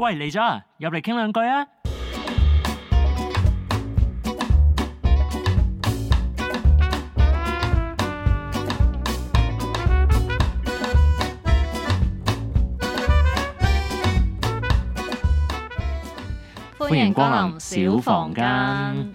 喂，嚟咗，入嚟傾兩句啊！歡迎光臨小房間。